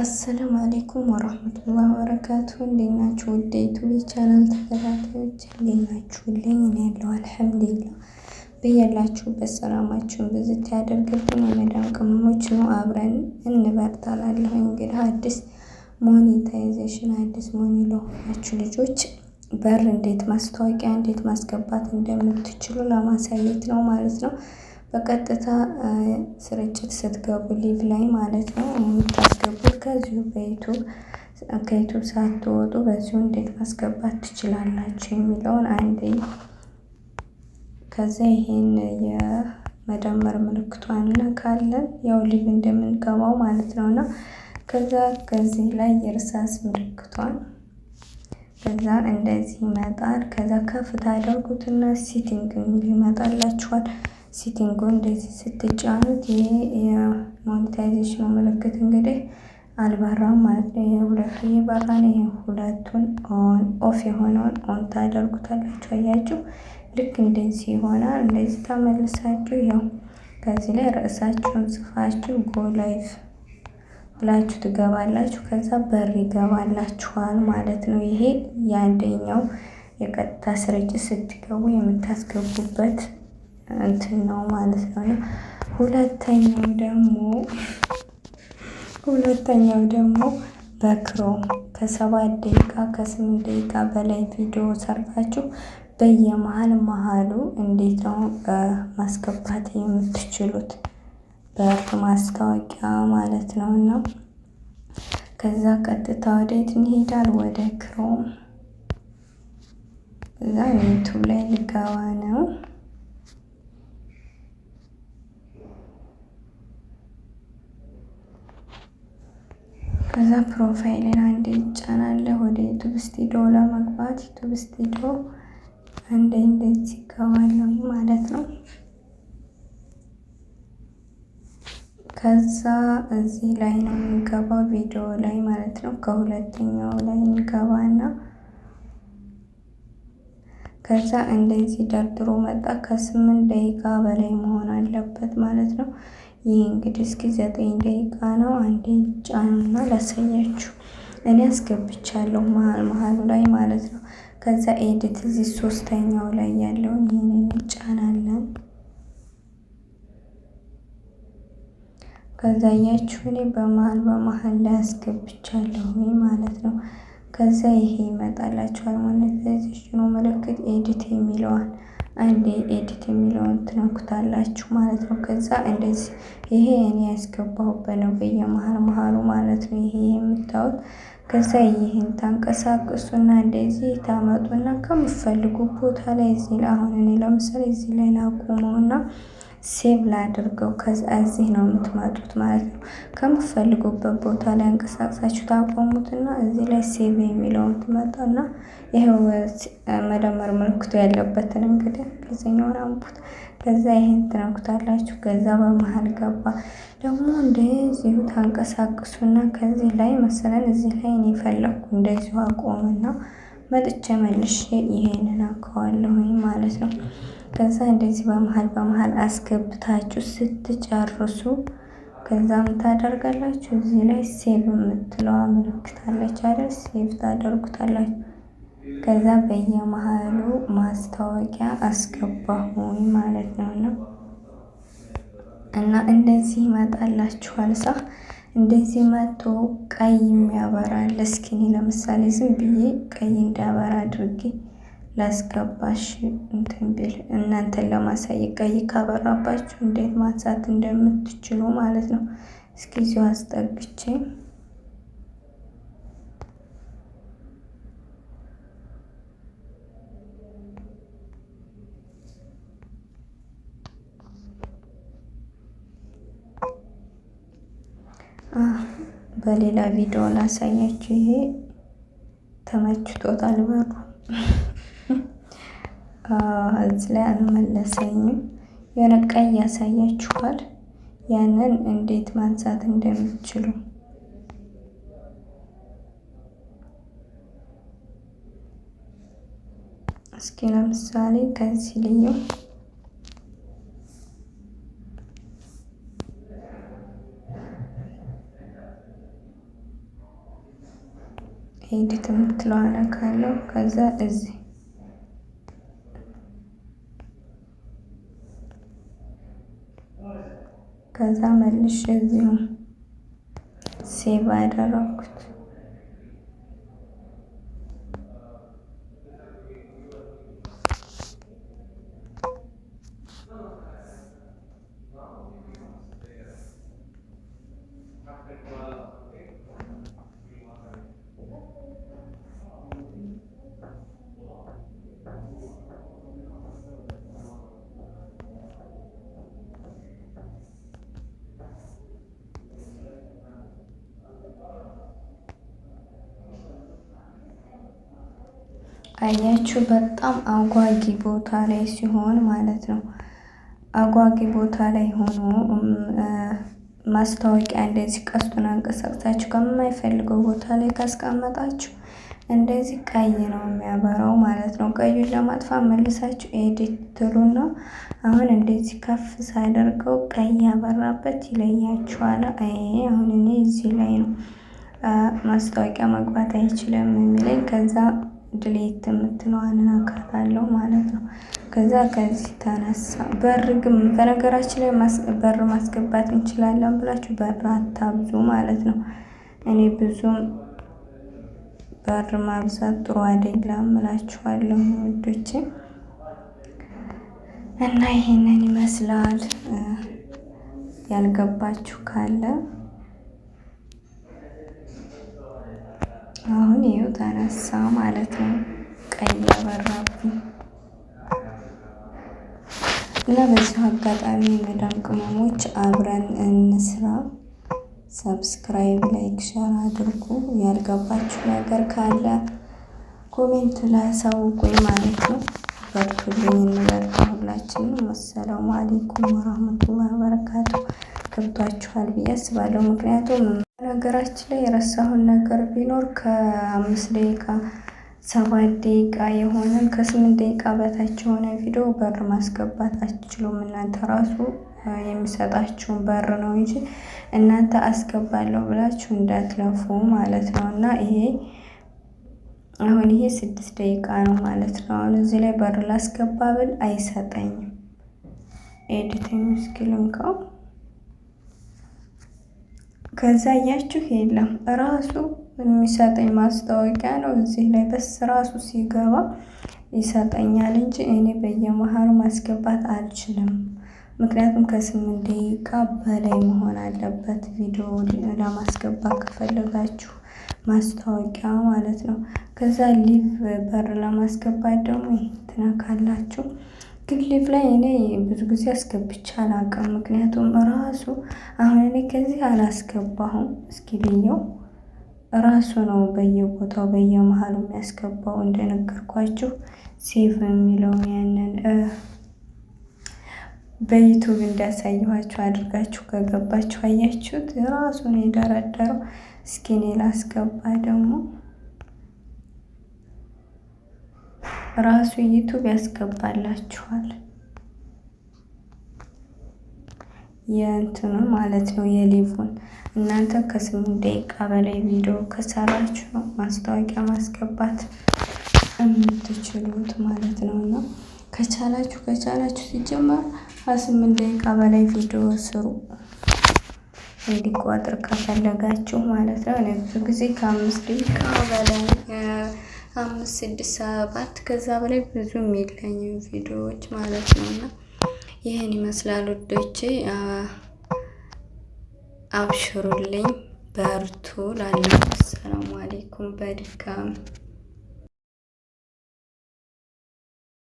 አሰላሙ አሌይኩም ወራህመቱላህ ወበረካቱ እንዴት ናችሁ? ውድ ዩቱብ ቻናል ተከታታዮች እንዴት ናችሁልኝ? እኔ ያለው አልሐምዱሊላ። በያላችሁበት ሰላማችሁን ብዝት ያደርግልኝ። የመዳም ቅመሞች ነው አብረን እንበርታላለሁ። እንግዲህ አዲስ ሞኔታይዜሽን አዲስ ሞኒ ለሆናችሁ ልጆች በር እንዴት ማስታወቂያ እንዴት ማስገባት እንደምትችሉ ለማሳየት ነው ማለት ነው። በቀጥታ ስርጭት ስትገቡ ሊቭ ላይ ማለት ነው የምታስገቡት ከዚሁ በዩቱብ ከዩቱብ ሳትወጡ በዚሁ እንዴት ማስገባት ትችላላችሁ የሚለውን አንዴ ከዚያ ይሄን የመደመር ምልክቷንና ካለን ያው ሊቭ እንደምንገባው ማለት ነው እና ከዛ ከዚህ ላይ የእርሳስ ምልክቷን ከዛ እንደዚህ ይመጣል። ከዛ ከፍ ታደርጉትና ሲቲንግ የሚል ይመጣላችኋል። ሲቲንጎ እንደዚህ ስትጫኑት ይሄ የሞኔታይዜሽን ምልክት እንግዲህ አልባራም ማለት ነው። ይሄ ሁለቱ እየበራ ነው። ይሄ ሁለቱን ኦን ኦፍ የሆነውን ኦን ታደርጉታላችሁ። አያችሁ፣ ልክ እንደዚህ ይሆናል። እንደዚህ ተመልሳችሁ ያው ከዚህ ላይ ርዕሳችሁን ጽፋችሁ ጎ ላይቭ ብላችሁ ትገባላችሁ። ከዛ በር ይገባላችኋል ማለት ነው። ይሄ የአንደኛው የቀጥታ ስርጭት ስትገቡ የምታስገቡበት እንትን ነው ማለት ነው። እና ሁለተኛው ደግሞ ሁለተኛው ደግሞ በክሮም ከሰባት ደቂቃ ከስምንት ደቂቃ በላይ ቪዲዮ ሰርታችሁ በየመሀል መሀሉ እንዴት ነው ማስገባት የምትችሉት? በእርፍ ማስታወቂያ ማለት ነው እና ከዛ ቀጥታ ወዴት እንሄዳል? ወደ ክሮም እዛ ዩቱብ ላይ ልገባ ነው። ከዛ ፕሮፋይልን አንዴ ይጫናለሁ። ወደ ዩቱብ ስቱዲዮ ለመግባት ዩቱብ ስቱዲዮ አንዴ እንደዚህ ይገባለሁ ማለት ነው። ከዛ እዚህ ላይ ነው የሚገባው ቪዲዮ ላይ ማለት ነው። ከሁለተኛው ላይ እንገባና ከዛ እንደዚህ ደርድሮ መጣ። ከስምንት ደቂቃ በላይ መሆን አለበት ማለት ነው። ይህ እንግዲህ እስኪ ዘጠኝ ደቂቃ ነው። አንዴ ጫኑና ላሳያችሁ። እኔ አስገብቻለሁ መሀል መሀሉ ላይ ማለት ነው። ከዛ ኤዲት እዚህ ሶስተኛው ላይ ያለውን ይህን እንጫናለን። ከዛ እያችሁ እኔ በመሀል በመሀል ላይ አስገብቻለሁ ማለት ነው። ከዛ ይሄ ይመጣላችኋል ማለት ነው። ምልክት ኤዲት የሚለዋል አንዴ ኤዲት የሚለውን ትነኩታላችሁ ማለት ነው። ከዛ እንደዚህ ይሄ እኔ ያስገባሁበት ነው በየመሀል መሀሉ ማለት ነው። ይሄ የምታዩት ከዛ ይህን ታንቀሳቅሱና እንደዚህ ታመጡና ከምፈልጉ ቦታ ላይ እዚህ አሁን እኔ ለምሳሌ እዚህ ላይ ላቁመውና ሴም ላይ አድርገው እዚህ ነው የምትመጡት ማለት ነው። ከምትፈልጉበት ቦታ ላይ እንቀሳቀሳችሁ ታቆሙትና እዚህ ላይ ሴቭ የሚለውን ትመጣና ይኸው መደመር ምልክቱ ያለበትን እንግዲህ ጊዜኛውን አንቡት። ከዛ ይህን ትነኩታላችሁ። ከዛ በመሀል ገባ ደግሞ እንደዚሁ ታንቀሳቅሱና ከዚህ ላይ መሰለን እዚህ ላይ እኔ ፈለግኩ እንደዚሁ አቆምና መጥቼ መልሼ ይሄንን አከዋለሁኝ ማለት ነው። ከዛ እንደዚህ በመሀል በመሀል አስገብታችሁ ስትጨርሱ ከዛ ምታደርጋላችሁ እዚህ ላይ ሴቭ የምትለዋ ምልክታለች አይደል? ሴቭ ታደርጉታላችሁ። ከዛ በየመሀሉ ማስታወቂያ አስገባሁኝ ማለት ነው ነው እና እንደዚህ ይመጣላችኋል። ሳ እንደዚህ መቶ ቀይ የሚያበራ ለስኪኒ ለምሳሌ ዝም ብዬ ቀይ እንዳያበራ አድርጌ ላስገባሽ እንትን እናንተን ለማሳየት ቀይ ካበራባችሁ እንዴት ማንሳት እንደምትችሉ ማለት ነው። እስኪ እዚሁ አስጠግቼ በሌላ ቪዲዮ ላሳያችሁ። ይሄ ተመችቶታል በሩ እዚ ላይ አልመለሰኝም። የሆነ ቀይ ያሳያችኋል። ያንን እንዴት ማንሳት እንደምትችሉ እስኪ ለምሳሌ ከዚህ ልዩ ኤዲት የምትለዋን ካለው ከዛ እዚህ ከዛ መልሼ እዚሁ ሴቭ አደረኩት። አያችሁ በጣም አጓጊ ቦታ ላይ ሲሆን ማለት ነው። አጓጊ ቦታ ላይ ሆኖ ማስታወቂያ እንደዚህ ቀስቱን አንቀሳቅሳችሁ ከማይፈልገው ቦታ ላይ ካስቀመጣችሁ እንደዚህ ቀይ ነው የሚያበራው ማለት ነው። ቀዩን ለማጥፋት መልሳችሁ ኤዲት ነው። አሁን እንደዚህ ከፍ ሳደርገው ቀይ ያበራበት ይለያችኋል። አይ አሁን እኔ እዚህ ላይ ነው ማስታወቂያ መግባት አይችልም የሚለኝ ከዛ ድሌት የምትለዋንን አካታለሁ ማለት ነው። ከዛ ከዚህ ተነሳ በር ግን በነገራችን ላይ በር ማስገባት እንችላለን ብላችሁ በር አታብዙ ማለት ነው። እኔ ብዙም በር ማብዛት ጥሩ አይደለም እላችኋለሁ ውዶቼ እና ይሄንን ይመስላል ያልገባችሁ ካለ አሁን ይኸው ተነሳ ማለት ነው። ቀይ ያበራብኝ እና በዚሁ አጋጣሚ መዳም ቅመሞች አብረን እንስራ። ሰብስክራይብ፣ ላይክ፣ ሸር አድርጉ። ያልገባችሁ ነገር ካለ ኮሜንት ላይ አሳውቁኝ ማለት ነው። በርቱልኝ፣ እንበርታ ሁላችንም። አሰላሙ አሌይኩም ወረህመቱላሂ ወበረካቱ ገብቷችኋል ብዬ አስባለሁ። ምክንያቱም ነገራችን ላይ የረሳሁን ነገር ቢኖር ከአምስት ደቂቃ ሰባት ደቂቃ የሆነ ከስምንት ደቂቃ በታች የሆነ ቪዲዮ በር ማስገባት አትችሉም። እናንተ ራሱ የሚሰጣችሁን በር ነው እንጂ እናንተ አስገባለሁ ብላችሁ እንዳትለፉ ማለት ነው እና ይሄ አሁን ይሄ ስድስት ደቂቃ ነው ማለት ነው። አሁን እዚህ ላይ በር ላስገባ ብል አይሰጠኝም። ኤዲቲንግ ስኪል ከዛ እያችሁ የለም ራሱ የሚሰጠኝ ማስታወቂያ ነው። እዚህ ላይ በስ ራሱ ሲገባ ይሰጠኛል እንጂ እኔ በየመሃሉ ማስገባት አልችልም። ምክንያቱም ከስምንት ደቂቃ በላይ መሆን አለበት ቪዲዮ ለማስገባት ከፈለጋችሁ ማስታወቂያ ማለት ነው። ከዛ ሊቭ በር ለማስገባት ደግሞ ይሄ ትነካላችሁ። ትክሊፍ ላይ እኔ ብዙ ጊዜ አስገብቻ አላውቅም። ምክንያቱም ራሱ አሁን እኔ ከዚህ አላስገባሁም። እስኪ ራሱ ነው በየቦታው በየመሀሉ የሚያስገባው። እንደነገርኳችሁ ሴቭ የሚለውን ያንን በዩቱብ እንዳሳየኋችሁ አድርጋችሁ ከገባችሁ አያችሁት፣ ራሱን የደረደረው። እስኪ እኔ ላስገባ ደግሞ ራሱ ዩቱብ ያስገባላችኋል። የእንትኑ ማለት ነው የሊቡን እናንተ ከስምንት ደቂቃ በላይ ቪዲዮ ከሰራችሁ ነው ማስታወቂያ ማስገባት የምትችሉት ማለት ነው። እና ከቻላችሁ ከቻላችሁ ሲጀመር ከስምንት ደቂቃ በላይ ቪዲዮ ስሩ እንዲቋጥር ከፈለጋችሁ ማለት ነው። ብዙ ጊዜ ከአምስት ደቂቃ በላይ አምስት ስድስት ሰባት ከዛ በላይ ብዙም የለኝም ቪዲዮዎች ማለት ነው። እና ይህን ይመስላል ውዶቼ፣ አብሽሩልኝ፣ በርቱ ላለው። አሰላሙ አሌይኩም በድጋሚ